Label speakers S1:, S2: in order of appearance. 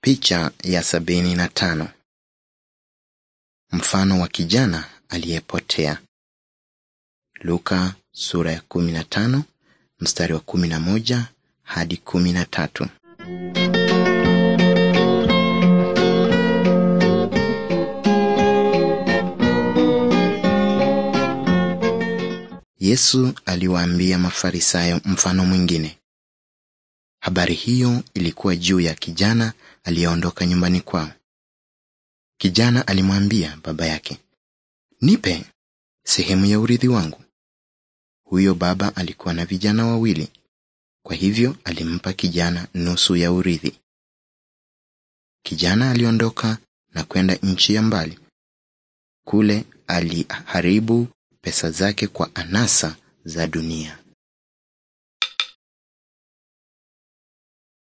S1: Picha ya sabini na tano. Mfano wa kijana aliyepotea. Luka sura ya kumi na tano mstari wa kumi na moja hadi kumi na tatu. Yesu aliwaambia Mafarisayo mfano mwingine Habari hiyo ilikuwa juu ya kijana aliyeondoka nyumbani kwao. Kijana alimwambia baba yake, "Nipe sehemu ya urithi wangu." Huyo baba alikuwa na vijana wawili. Kwa hivyo alimpa kijana nusu ya urithi. Kijana aliondoka na kwenda nchi ya mbali. Kule aliharibu pesa zake kwa anasa za dunia.